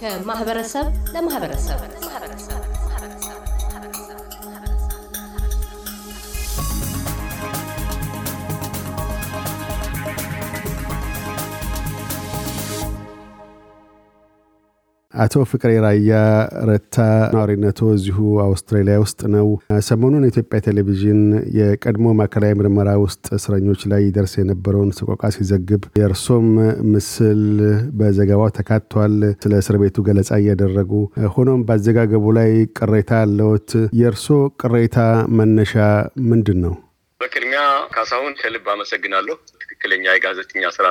ከማህበረሰብ ለማህበረሰብ አቶ ፍቅሬ ራያ ረታ ነዋሪነቶ እዚሁ አውስትራሊያ ውስጥ ነው። ሰሞኑን የኢትዮጵያ ቴሌቪዥን የቀድሞ ማዕከላዊ ምርመራ ውስጥ እስረኞች ላይ ይደርስ የነበረውን ሰቆቃ ሲዘግብ የእርሶም ምስል በዘገባው ተካቷል። ስለ እስር ቤቱ ገለጻ እያደረጉ ሆኖም በአዘጋገቡ ላይ ቅሬታ አለዎት። የእርሶ ቅሬታ መነሻ ምንድን ነው? በቅድሚያ ካሳሁን ከልብ አመሰግናለሁ። ትክክለኛ የጋዜጠኛ ስራ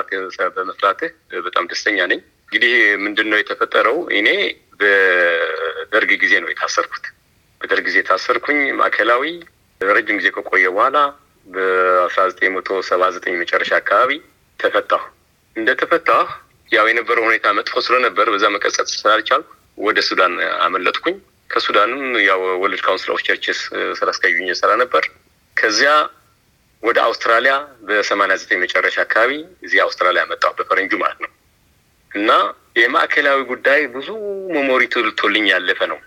በመስራትህ በጣም ደስተኛ ነኝ። እንግዲህ ምንድን ነው የተፈጠረው? እኔ በደርግ ጊዜ ነው የታሰርኩት። በደርግ ጊዜ ታሰርኩኝ ማዕከላዊ ረጅም ጊዜ ከቆየ በኋላ በአስራ ዘጠኝ መቶ ሰባ ዘጠኝ መጨረሻ አካባቢ ተፈታሁ። እንደተፈታሁ ያው የነበረው ሁኔታ መጥፎ ስለነበር በዛ መቀጸል ስላልቻል ወደ ሱዳን አመለጥኩኝ። ከሱዳንም ያው ወልድ ካውንስል ኦፍ ቸርችስ ስራ አስኪያጅ ስራ ነበር። ከዚያ ወደ አውስትራሊያ በሰማንያ ዘጠኝ መጨረሻ አካባቢ እዚህ አውስትራሊያ መጣሁ፣ በፈረንጁ ማለት ነው። እና የማዕከላዊ ጉዳይ ብዙ መሞሪ ትልቶልኝ ያለፈ ነው።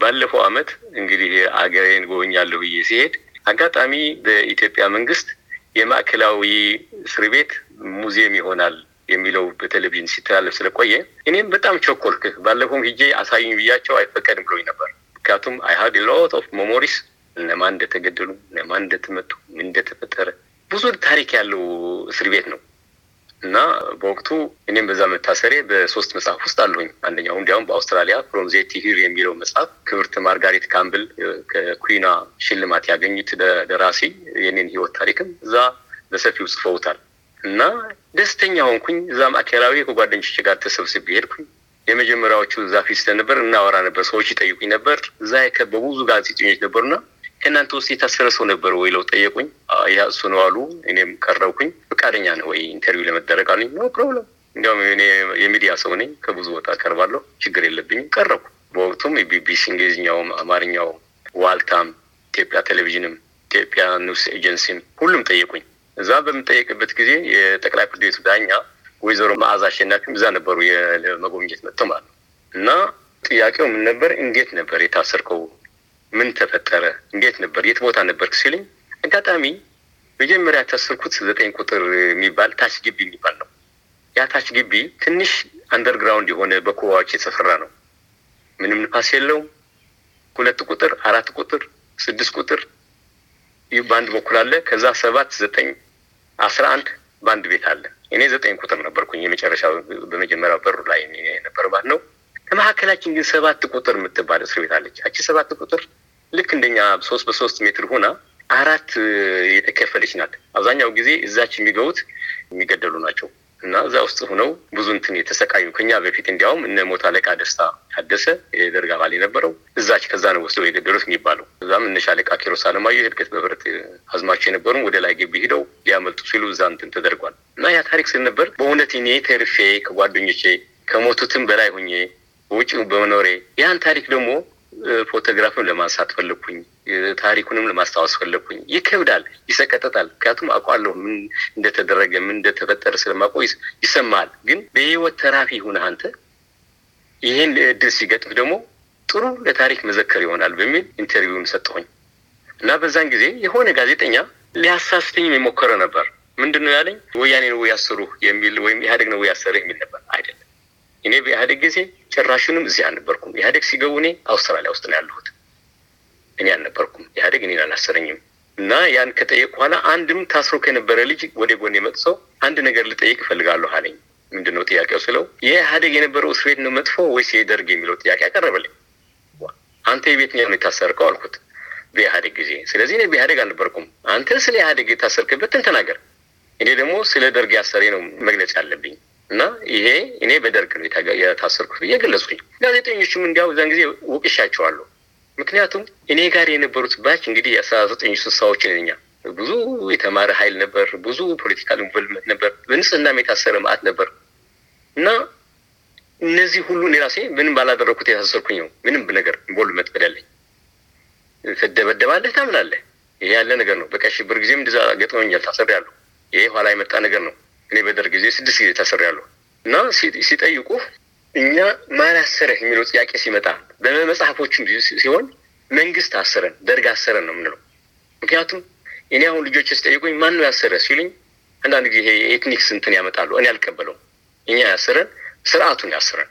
ባለፈው አመት እንግዲህ አገሬን ጎበኛለሁ ብዬ ሲሄድ አጋጣሚ በኢትዮጵያ መንግስት የማዕከላዊ እስር ቤት ሙዚየም ይሆናል የሚለው በቴሌቪዥን ሲተላለፍ ስለቆየ እኔም በጣም ቸኮልክ። ባለፈውም ሂጄ አሳይኝ ብያቸው አይፈቀድም ብሎኝ ነበር። ምክንያቱም አይ ሀድ ሎት ኦፍ ሜሞሪስ እነማን እንደተገደሉ፣ እነማን እንደተመቱ፣ ምን እንደተፈጠረ ብዙ ታሪክ ያለው እስር ቤት ነው። እና በወቅቱ እኔም በዛ መታሰሬ በሶስት መጽሐፍ ውስጥ አለሁኝ። አንደኛው እንዲያውም በአውስትራሊያ ፍሮም ዜድ ሂር የሚለው መጽሐፍ ክብርት ማርጋሪት ካምብል ከኩና ሽልማት ያገኙት ደራሲ የኔን ህይወት ታሪክም እዛ በሰፊው ጽፈውታል እና ደስተኛ ሆንኩኝ። እዛ አካባቢ ከጓደኞች ጋር ተሰብስቤ ሄድኩኝ። የመጀመሪያዎቹ እዛ ፊት ስለነበር እናወራ ነበር። ሰዎች ይጠይቁኝ ነበር። እዛ የከበቡ ብዙ ጋዜጠኞች ነበሩና እናንተ ውስጥ የታሰረ ሰው ነበር ወይ ለው ጠየቁኝ። ያ እሱ ነው አሉ። እኔም ቀረብኩኝ። ፈቃደኛ ነው ወይ ኢንተርቪው ለመደረግ አሉኝ። ኖ ፕሮብለም፣ እንዲያውም እኔ የሚዲያ ሰው ነኝ፣ ከብዙ ቦታ ቀርባለሁ፣ ችግር የለብኝም። ቀረብኩ። በወቅቱም የቢቢሲ እንግሊዝኛውም፣ አማርኛው፣ ዋልታም፣ ኢትዮጵያ ቴሌቪዥንም፣ ኢትዮጵያ ኒውስ ኤጀንሲም ሁሉም ጠየቁኝ። እዛ በምጠየቅበት ጊዜ የጠቅላይ ፍርድ ቤቱ ዳኛ ወይዘሮ መዓዛ አሸናፊም እዛ ነበሩ፣ ለመጎብኘት መጥተው ማለት ነው። እና ጥያቄው ምን ነበር? እንዴት ነበር የታሰርከው ምን ተፈጠረ? እንዴት ነበር? የት ቦታ ነበርክ? ሲልኝ አጋጣሚ መጀመሪያ ያታሰርኩት ዘጠኝ ቁጥር የሚባል ታች ግቢ የሚባል ነው። ያ ታች ግቢ ትንሽ አንደርግራውንድ የሆነ በኮባዎች የተፈራ ነው። ምንም ንፋስ የለውም። ሁለት ቁጥር፣ አራት ቁጥር፣ ስድስት ቁጥር ይህ በአንድ በኩል አለ። ከዛ ሰባት፣ ዘጠኝ፣ አስራ አንድ በአንድ ቤት አለ። እኔ ዘጠኝ ቁጥር ነበርኩኝ የመጨረሻ በመጀመሪያው በሩ ላይ ነበር ማለት ነው። ከመካከላችን ግን ሰባት ቁጥር የምትባል እስር ቤት አለች። አቺ ሰባት ቁጥር ልክ እንደኛ ሶስት በሶስት ሜትር ሆና አራት የተከፈለች ናት። አብዛኛው ጊዜ እዛች የሚገቡት የሚገደሉ ናቸው እና እዛ ውስጥ ሆነው ብዙ እንትን የተሰቃዩ ከኛ በፊት እንዲያውም እነ ሞት አለቃ ደስታ ታደሰ የደርግ አባል የነበረው እዛች ከዛ ነው ወስደው የገደሉት የሚባለው። እዛም እነ ሻለቃ ኪሮስ አለማየሁ እድገት በብረት አዝማቸው የነበሩ ወደ ላይ ግቢ ሂደው ሊያመልጡ ሲሉ እዛ እንትን ተደርጓል እና ያ ታሪክ ስለነበር በእውነት እኔ ተርፌ ከጓደኞቼ ከሞቱትም በላይ ሁኜ በውጭ በመኖሬ ያን ታሪክ ደግሞ ፎቶግራፍም ለማንሳት ፈለግኩኝ፣ ታሪኩንም ለማስታወስ ፈለግኩኝ። ይከብዳል፣ ይሰቀጠጣል። ምክንያቱም አውቃለሁ ምን እንደተደረገ ምን እንደተፈጠረ ስለማውቀው ይሰማል። ግን በህይወት ተራፊ ሁን አንተ ይህን እድል ሲገጥፍ ደግሞ ጥሩ ለታሪክ መዘከር ይሆናል በሚል ኢንተርቪውን ሰጠሁኝ እና በዛን ጊዜ የሆነ ጋዜጠኛ ሊያሳስተኝ የሞከረ ነበር። ምንድን ነው ያለኝ? ወያኔ ነው ያሰሩ የሚል ወይም ኢህአዴግ ነው ያሰረ የሚል ነበር አይደለም እኔ በኢህአዴግ ጊዜ ጭራሹንም እዚህ አልነበርኩም። ኢህአዴግ ሲገቡ እኔ አውስትራሊያ ውስጥ ነው ያለሁት። እኔ አልነበርኩም። ኢህአዴግ እኔን አላሰረኝም። እና ያን ከጠየቅ በኋላ አንድም ታስሮ ከነበረ ልጅ ወደ ጎን የመጥሰው አንድ ነገር ልጠይቅ እፈልጋለሁ አለኝ። ምንድን ነው ጥያቄው ስለው የኢህአዴግ የነበረው እስር ቤት ነው መጥፎ ወይስ የደርግ የሚለው ጥያቄ አቀረበልኝ። አንተ የቤትኛው ነው የታሰርከው አልኩት በኢህአዴግ ጊዜ። ስለዚህ እኔ በኢህአዴግ አልነበርኩም። አንተ ስለ ኢህአዴግ የታሰርክበትን ተናገር፣ እኔ ደግሞ ስለ ደርግ ያሰሬ ነው መግለጽ አለብኝ። እና ይሄ እኔ በደርግ ነው የታሰርኩት ብዬ ገለጽኩኝ። ጋዜጠኞቹም እንዲያው እዛን ጊዜ ውቅሻቸዋለሁ። ምክንያቱም እኔ ጋር የነበሩት ባች እንግዲህ የአስራ ዘጠኝ ስሳዎች ነኛ ብዙ የተማረ ኃይል ነበር። ብዙ ፖለቲካል ኢንቮልቭመንት ነበር። በንጽህናም የታሰረ መዓት ነበር እና እነዚህ ሁሉ እኔ ራሴ ምንም ባላደረግኩት የታሰርኩኝ ነው። ምንም ነገር ኢንቮልቭመንት በደለኝ። ትደበደባለህ፣ ታምናለህ። ይሄ ያለ ነገር ነው። በቃ ሽብር ጊዜም እንደዛ ገጥሞኛል። ታሰር ያለሁ ይሄ ኋላ የመጣ ነገር ነው። እኔ በደርግ ጊዜ ስድስት ጊዜ ታስሬያለሁ እና ሲጠይቁ እኛ ማን አሰረህ የሚለው ጥያቄ ሲመጣ በመጽሐፎችም ሲሆን መንግስት አሰረን፣ ደርግ አሰረን ነው የምንለው። ምክንያቱም እኔ አሁን ልጆች ሲጠይቁኝ ማን ነው ያሰረ ሲሉኝ አንዳንድ ጊዜ የኤትኒክ ስንትን ያመጣሉ። እኔ ያልቀበለው እኛ ያሰረን ስርዓቱን ያሰረን።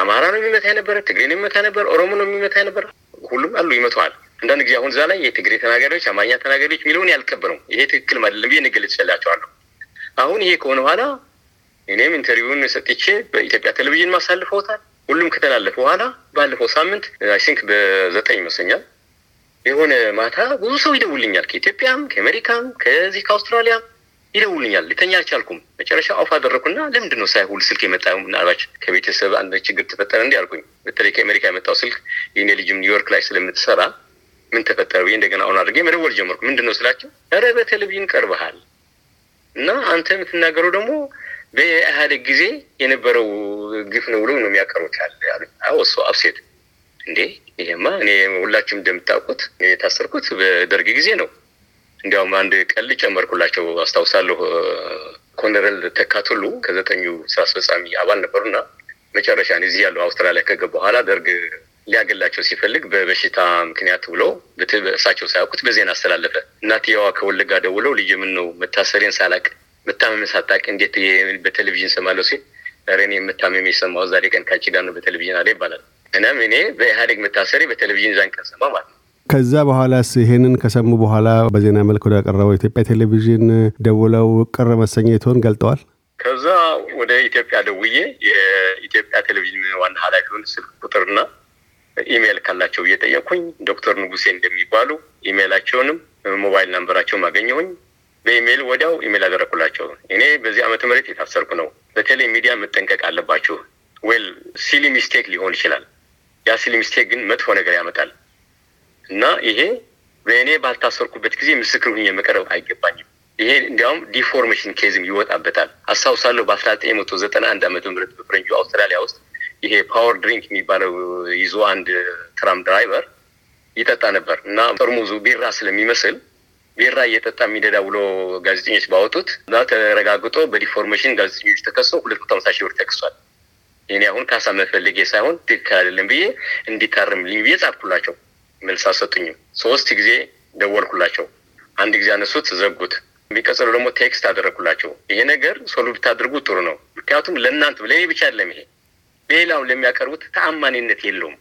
አማራ ነው የሚመታ የነበረ፣ ትግሬ ነው የሚመታ ነበር፣ ኦሮሞ ነው የሚመታ የነበረ። ሁሉም አሉ ይመተዋል። አንዳንድ ጊዜ አሁን እዛ ላይ የትግሬ ተናጋሪዎች፣ አማርኛ ተናጋሪዎች የሚለውን ያልቀበለው ይሄ ትክክል አይደለም ብዬ ንገለጽ አሁን ይሄ ከሆነ በኋላ እኔም ኢንተርቪውን ሰጥቼ በኢትዮጵያ ቴሌቪዥን ማሳልፈውታል። ሁሉም ከተላለፈ በኋላ ባለፈው ሳምንት አይ ቲንክ በዘጠኝ ይመስለኛል የሆነ ማታ ብዙ ሰው ይደውልኛል። ከኢትዮጵያም፣ ከአሜሪካም፣ ከዚህ ከአውስትራሊያም ይደውልኛል። ልተኛ አልቻልኩም። መጨረሻ አውፍ አደረኩና ለምንድን ነው ሳይሁል ስልክ የመጣ ምናልባች ከቤተሰብ አንድ ችግር ተፈጠረ እንዲህ አልኩኝ። በተለይ ከአሜሪካ የመጣው ስልክ የኔ ልጅም ኒውዮርክ ላይ ስለምትሰራ ምን ተፈጠረ ብዬ እንደገና አሁን አድርጌ መደወል ጀመርኩ። ምንድን ነው ስላቸው፣ ኧረ በቴሌቪዥን ቀርበሃል እና አንተ የምትናገረው ደግሞ በኢህአዴግ ጊዜ የነበረው ግፍ ነው ብሎ ነው የሚያቀርቡት ያለ አዎ እሱ አብሴት እንዴ ይሄማ እኔ ሁላችሁም እንደምታውቁት የታሰርኩት በደርግ ጊዜ ነው። እንዲያውም አንድ ቀል ጨመርኩላቸው አስታውሳለሁ። ኮነረል ተካቱሉ ከዘጠኙ ስራ አስፈጻሚ አባል ነበሩና መጨረሻ እዚህ ያለው አውስትራሊያ ከገባ በኋላ ደርግ ሊያገላቸው ሲፈልግ በበሽታ ምክንያት ብሎ እሳቸው ሳያውቁት በዜና አስተላለፈ። እናትየዋ ከወለጋ ደውለው ልጅ ምን ነው መታሰሬን ሳላቅ መታመም ሳታቅ እንዴት በቴሌቪዥን ሰማለው ሲል ረን የምታመም የሰማው ዛሬ ቀን ካቺ ጋር ነው በቴሌቪዥን አለ ይባላል። እናም እኔ በኢህአዴግ መታሰሪ በቴሌቪዥን ዛን ቀን ሰማ ማለት ነው። ከዛ በኋላ ይህንን ከሰሙ በኋላ በዜና መልክ ወደ ያቀረበው ኢትዮጵያ ቴሌቪዥን ደውለው ቅር መሰኘትዎን ገልጠዋል። ከዛ ወደ ኢትዮጵያ ደውዬ የኢትዮጵያ ቴሌቪዥን ዋና ኃላፊውን ስልክ ቁጥርና ኢሜይል ካላቸው እየጠየኩኝ ዶክተር ንጉሴ እንደሚባሉ ኢሜይላቸውንም ሞባይል ናምበራቸውም አገኘሁኝ። በኢሜይል ወዲያው ኢሜይል አደረኩላቸው። እኔ በዚህ ዓመተ ምህረት የታሰርኩ ነው፣ በተለይ ሚዲያ መጠንቀቅ አለባችሁ። ዌል ሲሊ ሚስቴክ ሊሆን ይችላል። ያ ሲሊ ሚስቴክ ግን መጥፎ ነገር ያመጣል እና ይሄ በእኔ ባልታሰርኩበት ጊዜ ምስክር ሁኜ መቀረብ አይገባኝም። ይሄ እንዲያውም ዲፎርሜሽን ኬዝም ይወጣበታል። አስታውሳለሁ በአስራ ዘጠኝ መቶ ዘጠና አንድ ዓመተ ምህረት በፈረንጁ አውስትራሊያ ውስጥ ይሄ ፓወር ድሪንክ የሚባለው ይዞ አንድ ትራም ድራይቨር ይጠጣ ነበር እና ጠርሙዙ ቢራ ስለሚመስል ቢራ እየጠጣ የሚደዳ ብሎ ጋዜጠኞች ባወጡት እና ተረጋግጦ በዲፎርሜሽን ጋዜጠኞች ተከሶ ሁለት መቶ ሃምሳ ሺህ ብር ተከሷል። እኔ አሁን ካሳ መፈለጌ ሳይሆን ትክክል አይደለም ብዬ እንዲታርምልኝ ብዬ ጻፍኩላቸው። መልስ አልሰጡኝም። ሶስት ጊዜ ደወልኩላቸው። አንድ ጊዜ አነሱት፣ ዘጉት። የሚቀጥለው ደግሞ ቴክስት አደረግኩላቸው። ይሄ ነገር ሶሉ ብታደርጉ ጥሩ ነው፣ ምክንያቱም ለእናንተ ለእኔ ብቻ አይደለም ይሄ ሌላው ለሚያቀርቡት ተአማኒነት የለውም።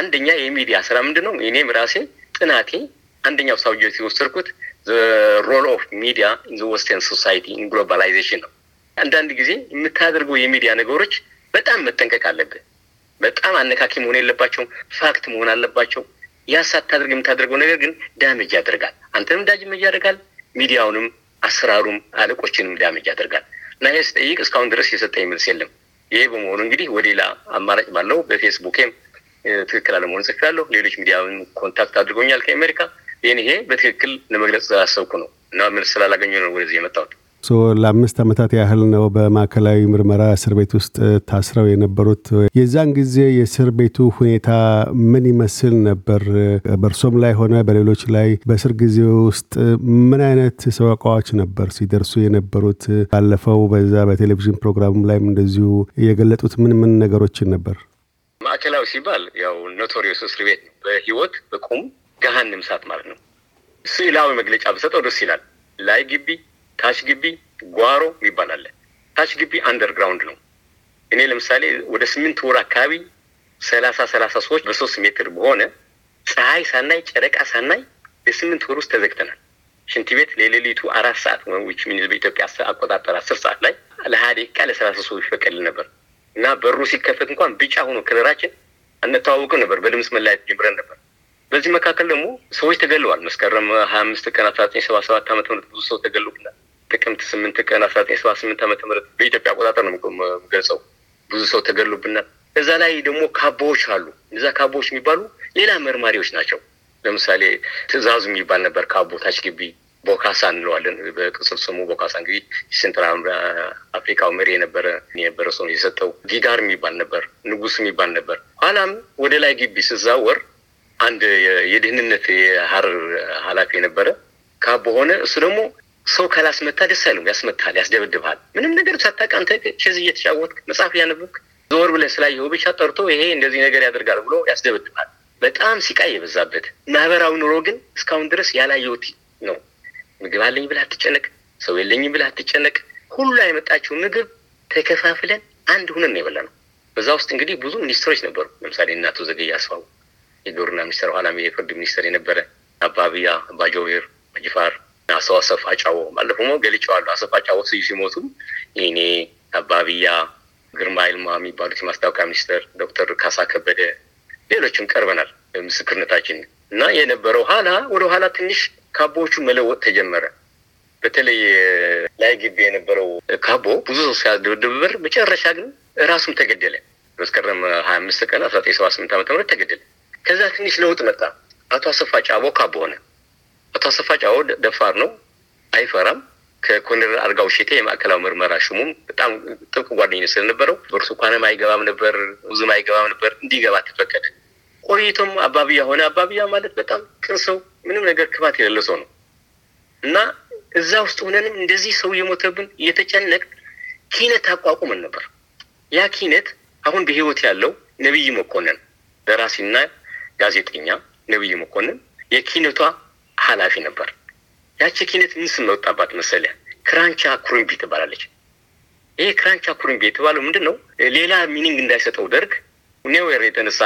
አንደኛ የሚዲያ ስራ ምንድን ነው? እኔም ራሴ ጥናቴ አንደኛው ሰውየ የወሰድኩት ሮል ኦፍ ሚዲያ ኢን ወስተርን ሶሳይቲ ኢን ግሎባላይዜሽን ነው። አንዳንድ ጊዜ የምታደርገው የሚዲያ ነገሮች በጣም መጠንቀቅ አለብህ። በጣም አነካኪ መሆን የለባቸውም። ፋክት መሆን አለባቸው። ያሳታደርግ የምታደርገው ነገር ግን ዳመጅ ያደርጋል። አንተንም ዳሜጅ ያደርጋል፣ ሚዲያውንም፣ አሰራሩም፣ አለቆችንም ዳመጅ ያደርጋል እና ይህ ስጠይቅ እስካሁን ድረስ የሰጠኝ መልስ የለም። ይሄ በመሆኑ እንግዲህ ወደ ሌላ አማራጭ ባለው በፌስቡክም ትክክል አለመሆን ጽፌያለሁ። ሌሎች ሚዲያውን ኮንታክት አድርጎኛል ከአሜሪካ። ይህን ይሄ በትክክል ለመግለጽ ስላሰብኩ ነው እና መልስ ስላላገኘ ነው ወደዚህ የመጣሁት። ሶ ለአምስት ዓመታት ያህል ነው በማዕከላዊ ምርመራ እስር ቤት ውስጥ ታስረው የነበሩት። የዛን ጊዜ የእስር ቤቱ ሁኔታ ምን ይመስል ነበር? በእርሶም ላይ ሆነ በሌሎች ላይ በእስር ጊዜ ውስጥ ምን አይነት ሰቆቃዎች ነበር ሲደርሱ የነበሩት? ባለፈው በዛ በቴሌቪዥን ፕሮግራም ላይም እንደዚሁ የገለጡት ምን ምን ነገሮችን ነበር? ማዕከላዊ ሲባል ያው ኖቶሪዮስ እስር ቤት በህይወት በቁም ገሃንም ሳት ማለት ነው። ስዕላዊ መግለጫ ብሰጠው ደስ ይላል። ላይ ግቢ ታች ግቢ ጓሮ ይባላል። ታች ግቢ አንደርግራውንድ ነው። እኔ ለምሳሌ ወደ ስምንት ወር አካባቢ ሰላሳ ሰላሳ ሰዎች በሶስት ሜትር በሆነ ፀሐይ ሳናይ ጨረቃ ሳናይ በስምንት ወር ውስጥ ተዘግተናል። ሽንት ቤት ለሌሊቱ አራት ሰዓት ዊች ሚኒዝ በኢትዮጵያ አቆጣጠር አስር ሰዓት ላይ ለሀያ ደቂቃ ለሰላሳ ሰዎች ፈቀድል ነበር እና በሩ ሲከፈት እንኳን ቢጫ ሆኖ ከለራችን አንተዋወቅም ነበር። በድምፅ መለያየት ጀምረን ነበር። በዚህ መካከል ደግሞ ሰዎች ተገለዋል። መስከረም ሀያ አምስት ቀን አስራ ዘጠኝ ሰባ ሰባት ዓመተ ምህረት ብዙ ሰው ተገሉብናል። ጥቅምት ስምንት ቀን አስራ ዘጠኝ ሰባ ስምንት ዓመተ ምህረት በኢትዮጵያ አቆጣጠር ነው ገጸው ብዙ ሰው ተገሉብናል። እዛ ላይ ደግሞ ካቦዎች አሉ። እዛ ካቦዎች የሚባሉ ሌላ መርማሪዎች ናቸው። ለምሳሌ ትእዛዙ የሚባል ነበር። ካቦ ታች ግቢ ቦካሳ እንለዋለን በቅጽል ስሙ ቦካሳ። እንግዲህ ሴንትራል አፍሪካው መሪ የነበረ የነበረ ሰው የሰጠው ጊጋር የሚባል ነበር። ንጉስ የሚባል ነበር። ኋላም ወደ ላይ ግቢ ስዛወር አንድ የደህንነት የሀረር ኃላፊ የነበረ ካቦ ሆነ። እሱ ደግሞ ሰው ካላስመታ ደስ አይልም። ያስመታል፣ ያስደብድብሃል። ምንም ነገር ሳታውቅ አንተ ቼዝ እየተጫወትክ መጽሐፍ እያነበብክ ዞር ብለህ ስላየው ብቻ ጠርቶ ይሄ እንደዚህ ነገር ያደርጋል ብሎ ያስደብድብሃል። በጣም ሲቃይ የበዛበት ማህበራዊ ኑሮ ግን እስካሁን ድረስ ያላየሁት ነው። ምግብ አለኝ ብለህ አትጨነቅ፣ ሰው የለኝም ብለህ አትጨነቅ። ሁሉ የመጣችው ምግብ ተከፋፍለን አንድ ሁነን ነው ነው። በዛ ውስጥ እንግዲህ ብዙ ሚኒስትሮች ነበሩ። ለምሳሌ እነ አቶ ዘገየ አስፋው የግብርና ሚኒስትር፣ ኋላም የፍርድ ሚኒስትር የነበረ አባ አብያ፣ ጅፋር አቶ አሰፋ ጫወ ባለፈው ሞ ገልጬዋለሁ። አሰፋ ስዩ ሲሞቱ እኔ አባብያ፣ ግርማ ይልማ የሚባሉት የማስታወቂያ ሚኒስትር፣ ዶክተር ካሳ ከበደ፣ ሌሎችም ቀርበናል ምስክርነታችን እና የነበረው ኋላ ወደ ኋላ ትንሽ ካቦዎቹ መለወጥ ተጀመረ። በተለይ ላይ ግቢ የነበረው ካቦ ብዙ ሰው ሲያደብድብር መጨረሻ ግን ራሱም ተገደለ። መስከረም ሀያ አምስት ቀን አስራ ዘጠኝ ሰባ ስምንት ዓመት ተገደለ። ከዛ ትንሽ ለውጥ መጣ። አቶ አሰፋ ጫቦ ካቦ ሆነ። አቶ አሰፋ ደፋር ነው፣ አይፈራም። ከኮሎኔል አርጋው ሼቴ የማዕከላዊ ምርመራ ሹሙም በጣም ጥብቅ ጓደኝነት ስለነበረው በእርሱ እንኳንም አይገባም ነበር፣ ብዙም አይገባም ነበር። እንዲገባ ተፈቀደ። ቆይቶም አባብያ ሆነ። አባብያ ማለት በጣም ቅን ሰው፣ ምንም ነገር ክፋት የሌለ ሰው ነው እና እዛ ውስጥ ሆነንም እንደዚህ ሰው የሞተብን እየተጨነቅ ኪነት አቋቁመን ነበር። ያ ኪነት አሁን በህይወት ያለው ነቢይ መኮንን ደራሲና ጋዜጠኛ ነቢይ መኮንን የኪነቷ ኃላፊ ነበር። ያቺ ኪነት ምን ስም ወጣባት መሰለህ? ክራንቻ ኩርምቢ ትባላለች። ይሄ ክራንቻ ኩርምቢ የተባለው ምንድን ነው? ሌላ ሚኒንግ እንዳይሰጠው ደርግ ኔዌር የተነሳ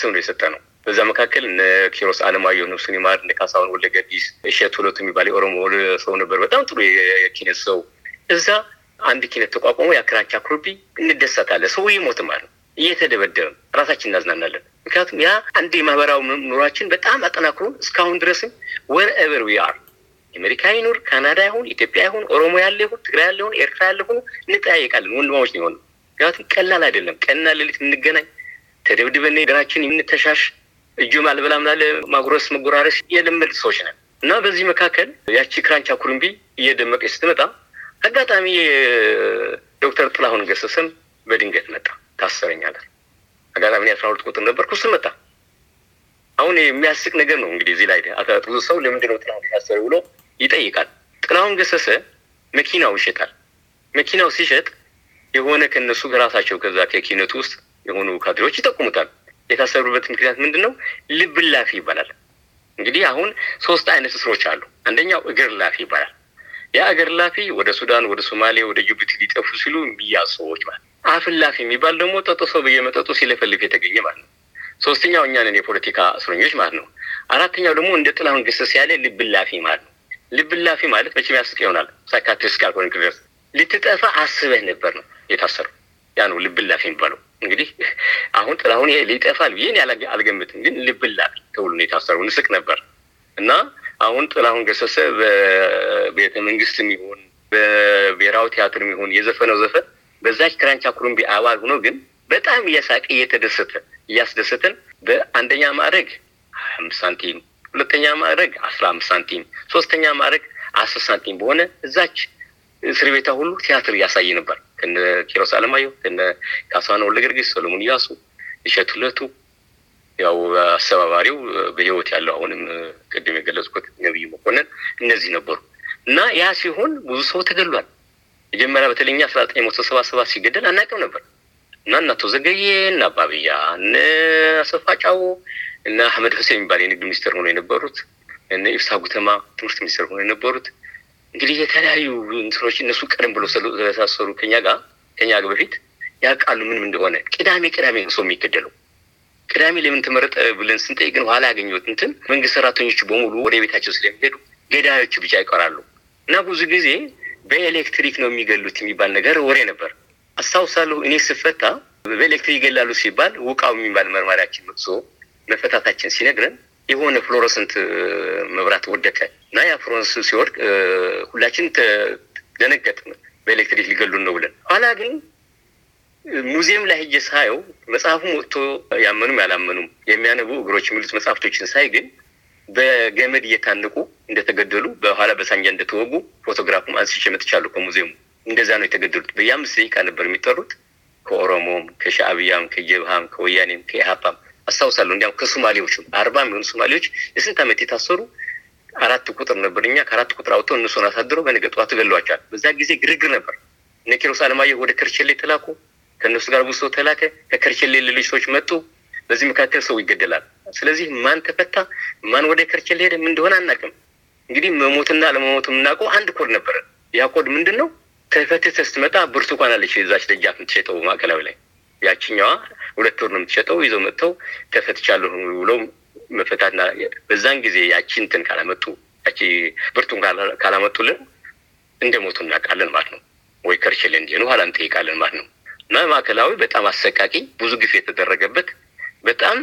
ስም ነው የሰጠ ነው። በዛ መካከል እነ ኪሮስ አለማየሁ ነፍሱን ይማር፣ እነ ካሳሁን ወልደገዲስ፣ እሸት ሁለቱ የሚባል የኦሮሞ ሰው ነበር። በጣም ጥሩ የኪነት ሰው። እዛ አንድ ኪነት ተቋቁሞ ያ ክራንቻ ኩርምቢ እንደሰታለን። ሰው ይሞት ማለት ነው። እየተደበደበም ራሳችን እናዝናናለን። ምክንያቱም ያ አንድ የማህበራዊ ኑሯችን በጣም አጠናክሮ እስካሁን ድረስም ወር ኤቨር ዊ አር አሜሪካ ይኑር ካናዳ ይሁን ኢትዮጵያ ይሁን ኦሮሞ ያለ ይሁን ትግራይ ያለ ይሁን ኤርትራ ያለ ይሁን እንጠያየቃለን። ወንድማዎች ነው ምክንያቱም ቀላል አይደለም። ቀና ሌሊት የምንገናኝ ተደብድበን ደናችን የምንተሻሽ እጁ ማልበላም ላለ ማጉረስ መጎራረስ የለመድ ሰዎች ነን እና በዚህ መካከል ያቺ ክራንቻ ኩርምቢ እየደመቀች ስትመጣ አጋጣሚ ዶክተር ጥላሁን ገሰሰም በድንገት መጣ ታሰረኛለን አጋጣሚ እኔ አስራ ሁለት ቁጥር ነበርኩ። እሱ መጣ። አሁን የሚያስቅ ነገር ነው እንግዲህ እዚህ ላይ ብዙ ሰው ለምንድን ነው ጥላሁን የታሰረ ብሎ ይጠይቃል። ጥላሁን ገሰሰ መኪናው ይሸጣል። መኪናው ሲሸጥ የሆነ ከነሱ ከራሳቸው ከዛ ከኪነቱ ውስጥ የሆኑ ካድሬዎች ይጠቁሙታል። የታሰሩበት ምክንያት ምንድን ነው? ልብ ላፊ ይባላል። እንግዲህ አሁን ሶስት አይነት እስሮች አሉ። አንደኛው እግር ላፊ ይባላል። ያ እግር ላፊ ወደ ሱዳን፣ ወደ ሶማሌ፣ ወደ ጅቡቲ ሊጠፉ ሲሉ የሚያዙ ሰዎች ማለት አፍላፊ የሚባል ደግሞ ጠጦ ሰው በየመጠጡ ሲለፈልፍ የተገኘ ማለት ነው። ሶስተኛው እኛ ነን የፖለቲካ እስረኞች ማለት ነው። አራተኛው ደግሞ እንደ ጥላሁን ገሰሰ ያለ ልብላፊ ማለት ነው። ልብላፊ ማለት መቼም ያስቅ ይሆናል ሳይካትሪስት ካልሆን ክደርስ ልትጠፋ አስበህ ነበር ነው የታሰረው። ያ ነው ልብላፊ የሚባለው። እንግዲህ አሁን ጥላሁን ሊጠፋል ብዬን አልገምትም፣ ግን ልብላፊ ተብሎ ነው የታሰረው። ንስቅ ነበር እና አሁን ጥላሁን ገሰሰ በቤተ መንግስት የሚሆን በብሔራዊ ቲያትር የሚሆን የዘፈነው ዘፈን በዛች ክራንቻ ኩሩምቢ አባል ሆኖ ግን በጣም እያሳቀ እየተደሰተ እያስደሰተን በአንደኛ ማዕረግ ሀያ አምስት ሳንቲም ሁለተኛ ማዕረግ አስራ አምስት ሳንቲም ሶስተኛ ማዕረግ አስር ሳንቲም በሆነ እዛች እስር ቤታ ሁሉ ቲያትር እያሳየ ነበር። ከነ ኪሮስ አለማየሁ፣ ከነ ካሳነ ወልደ ጊዮርጊስ፣ ሰሎሞን እያሱ፣ እሸቱ ለቱ ያው አስተባባሪው በህይወት ያለው አሁንም ቅድም የገለጽኩት ነብዩ መኮንን እነዚህ ነበሩ እና ያ ሲሆን ብዙ ሰው ተገሏል። መጀመሪያ በተለኛ አስራ ዘጠኝ መቶ ሰባ ሰባት ሲገደል አናውቅም ነበር እና እነ አቶ ዘገየ እነ አባብያ እነ አሰፋ ጫው እና አህመድ ሁሴን የሚባል የንግድ ሚኒስትር ሆኖ የነበሩት እነ ኢብሳ ጉተማ ትምህርት ሚኒስትር ሆኖ የነበሩት እንግዲህ የተለያዩ እንትኖች እነሱ ቀደም ብሎ ስለታሰሩ ከኛ ጋር ከኛ ጋር በፊት ያውቃሉ ምንም እንደሆነ። ቅዳሜ ቅዳሜ ነው ሰው የሚገደለው። ቅዳሜ ለምን ተመረጠ ብለን ስንጠይቅ ግን ኋላ ያገኘሁት እንትን መንግስት ሰራተኞቹ በሙሉ ወደ ቤታቸው ስለሚሄዱ ገዳዮቹ ብቻ ይቀራሉ እና ብዙ ጊዜ በኤሌክትሪክ ነው የሚገሉት የሚባል ነገር ወሬ ነበር አስታውሳለሁ። እኔ ስፈታ በኤሌክትሪክ ይገላሉ ሲባል ውቃው የሚባል መርማሪያችን መጥቶ መፈታታችን ሲነግረን የሆነ ፍሎረሰንት መብራት ወደቀ እና ያ ፍሎረሰንት ሲወድቅ ሁላችን ደነገጥን፣ በኤሌክትሪክ ሊገሉን ነው ብለን። ኋላ ግን ሙዚየም ላይ ሄጄ ሳየው መጽሐፉም ወጥቶ ያመኑም ያላመኑም የሚያነቡ እግሮች የሚሉት መጽሐፍቶችን ሳይ ግን በገመድ እየታነቁ እንደተገደሉ በኋላ በሳንጃ እንደተወጉ ፎቶግራፍም አንስቼ መጥቻለሁ ከሙዚየሙ። እንደዛ ነው የተገደሉት። በየአምስት ደቂቃ ነበር የሚጠሩት። ከኦሮሞም፣ ከሻዕብያም፣ ከጀብሃም፣ ከወያኔም፣ ከኢሃፓም አስታውሳለሁ። እንዲያውም ከሶማሌዎችም አርባ የሚሆኑ ሶማሌዎች የስንት ዓመት የታሰሩ አራት ቁጥር ነበር። እኛ ከአራት ቁጥር አውጥተው እነሱን አሳድረው በነገ ጠዋት በዛ ጊዜ ግርግር ነበር። እነ ኪሮስ አለማየሁ ወደ ከርቸሌ ተላኩ። ከእነሱ ጋር ብሶ ተላከ። ከከርቸሌ ሌሎች ሰዎች መጡ። በዚህ መካከል ሰው ይገደላል። ስለዚህ ማን ተፈታ፣ ማን ወደ ከርቸሌ ሄደ፣ ምን እንደሆነ አናውቅም። እንግዲህ መሞትና ለመሞት የምናውቀው አንድ ኮድ ነበረ። ያ ኮድ ምንድን ነው? ተፈትተህ ስትመጣ ብርቱካን አለች እዛች ደጃፍ የምትሸጠው ማዕከላዊ ላይ ያችኛዋ ሁለት ወር ነው የምትሸጠው። ይዘው መጥተው ተፈትቻለሁ ብለው መፈታትና በዛን ጊዜ ያቺ እንትን ካላመጡ ያቺ ብርቱን ካላመጡልን እንደ ሞቱ እናውቃለን ማለት ነው። ወይ ከርችል እንዲህ ኋላ እንጠይቃለን ማለት ነው። እና ማዕከላዊ በጣም አሰቃቂ ብዙ ግፍ የተደረገበት በጣም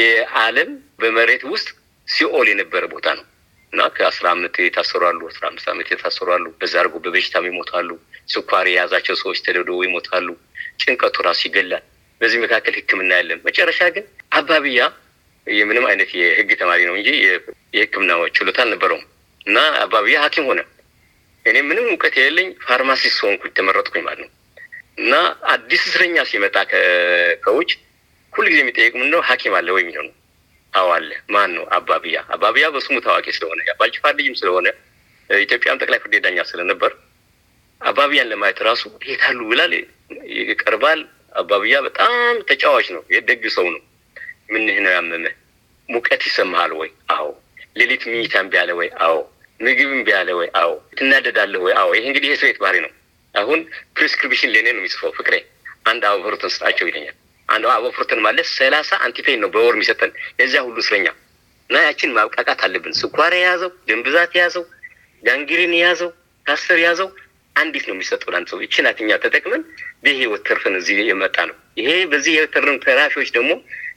የዓለም በመሬት ውስጥ ሲኦል የነበረ ቦታ ነው እና ከአስራ አመት የታሰሯሉ አስራ አምስት አመት የታሰሯሉ በዛ አርጎ በበሽታም ይሞታሉ። ስኳር የያዛቸው ሰዎች ተደዶ ይሞታሉ። ጭንቀቱ ራሱ ይገላል። በዚህ መካከል ሕክምና ያለን መጨረሻ ግን አባብያ የምንም አይነት የህግ ተማሪ ነው እንጂ የሕክምና ችሎታ አልነበረውም እና አባብያ ሐኪም ሆነ። እኔ ምንም እውቀት የለኝ ፋርማሲስት ሆንኩ ተመረጥኩኝ ማለት ነው እና አዲስ እስረኛ ሲመጣ ከውጭ ሁልጊዜ ጊዜ ምንድን ነው ሀኪም አለ ወይ የሚለው ነው። አዎ አለ። ማን ነው? አባብያ። አባብያ በስሙ ታዋቂ ስለሆነ የአባጅፋር ልጅም ስለሆነ ኢትዮጵያም ጠቅላይ ፍርድ ዳኛ ስለነበር አባብያን ለማየት ራሱ ይሄዳሉ ብላል ይቀርባል። አባብያ በጣም ተጫዋች ነው፣ የደግ ሰው ነው። ምንህ ነው ያመመ ሙቀት ይሰማሃል ወይ? አዎ። ሌሊት ምኝታን ቢያለ ወይ? አዎ። ምግብም ቢያለ ወይ? አዎ። ትናደዳለህ ወይ? አዎ። ይህ እንግዲህ የሰው ባህሪ ነው። አሁን ፕሪስክሪፕሽን ለእኔ ነው የሚጽፈው ፍቅሬ። አንድ አበባ ስጣቸው ይለኛል አንድ ወፍርትን ማለት ሰላሳ አንቲፔን ነው በወር የሚሰጠን የዚያ ሁሉ እስረኛ እና ያችን ማብቃቃት አለብን። ስኳር የያዘው ደም ብዛት የያዘው ጋንግሪን የያዘው ካንሰር የያዘው አንዲት ነው የሚሰጠው ለአንድ ሰው። ይችን አትኛ ተጠቅመን በህይወት ተርፈን እዚህ የመጣ ነው። ይሄ በዚህ የህይወት ተራፊዎች ደግሞ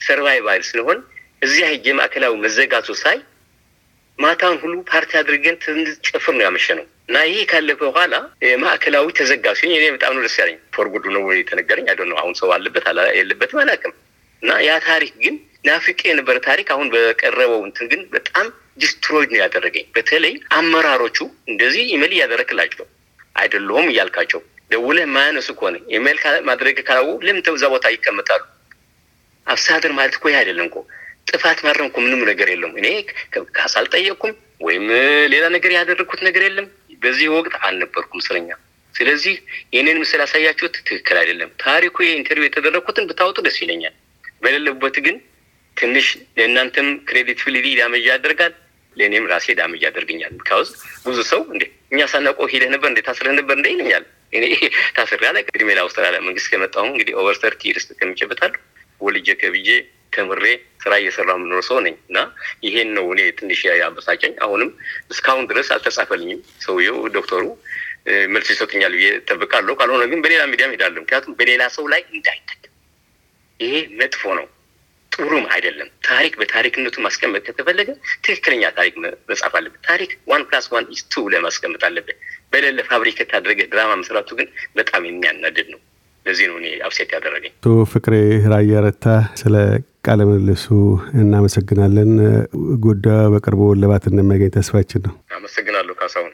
ሰርቫይቫል ስለሆን እዚያ ሄጄ ማዕከላዊ መዘጋቱ ሳይ ማታን ሁሉ ፓርቲ አድርገን ትንጭፍር ነው ያመሸ ነው እና ይህ ካለፈ በኋላ ማዕከላዊ ተዘጋ ሲሆን እኔ በጣም ነው ደስ ያለኝ። ፎርጉዱ ነው ወይ የተነገረኝ አይደ ነው። አሁን ሰው አለበት የለበትም አላውቅም። እና ያ ታሪክ ግን ናፍቄ የነበረ ታሪክ አሁን በቀረበው እንትን ግን በጣም ዲስትሮይድ ነው ያደረገኝ። በተለይ አመራሮቹ እንደዚህ ኢሜል እያደረክላቸው አይደለሁም እያልካቸው ደውለህ ማያነሱ ከሆነ ኢሜል ማድረግ ካላወቁ ለምን እዛ ቦታ ይቀመጣሉ? አብሳደር ማለት እኮ ይህ አይደለም እኮ ጥፋት ማረምኩ ምንም ነገር የለውም። እኔ ካሳ አልጠየቅኩም ወይም ሌላ ነገር ያደረግኩት ነገር የለም። በዚህ ወቅት አልነበርኩም እስረኛ። ስለዚህ ይህንን ምስል ያሳያችሁት ትክክል አይደለም። ታሪኩ የኢንተርቪው የተደረግኩትን ብታወጡ ደስ ይለኛል። በሌለበት ግን ትንሽ ለእናንተም ክሬዲት ፊሊዲ ዳመጅ ያደርጋል፣ ለእኔም ራሴ ዳመጅ ያደርግኛል። ካውዝ ብዙ ሰው እንዴ እኛ ሳናቆ ሄደህ ነበር እንዴ ታስረህ ነበር እንደ ይለኛል። እኔ ታስሬ አላውቅም። እድሜ ለአውስትራሊያ መንግስት ከመጣሁ እንግዲህ ኦቨር ሰርቲ ርስ ከምጨበታለሁ ወልጄ ከብዬ ተምሬ ስራ እየሰራ የምኖር ሰው ነኝ እና ይሄን ነው እኔ ትንሽ ያበሳጨኝ። አሁንም እስካሁን ድረስ አልተጻፈልኝም። ሰውየው ዶክተሩ መልስ ይሰጡኛል ብዬ ጠብቃለሁ ካልሆነ ግን በሌላ ሚዲያም ሄዳለሁ። ምክንያቱም በሌላ ሰው ላይ እንዳይጠቅም ይሄ መጥፎ ነው፣ ጥሩም አይደለም። ታሪክ በታሪክነቱ ማስቀመጥ ከተፈለገ ትክክለኛ ታሪክ መጻፍ አለበት። ታሪክ ዋን ፕላስ ዋን ኢስ ቱ ለማስቀመጥ አለበት። በሌለ ፋብሪክ ከታደረገ ድራማ መስራቱ ግን በጣም የሚያናድድ ነው። ለዚህ ነው እኔ አብሴት ያደረገኝ። አቶ ፍቅሬ ራያ ረታ ስለ ቃለ ምልልሱ እናመሰግናለን። ጉዳዩ በቅርቡ እልባት እንደሚያገኝ ተስፋችን ነው። አመሰግናለሁ ካሳሁን።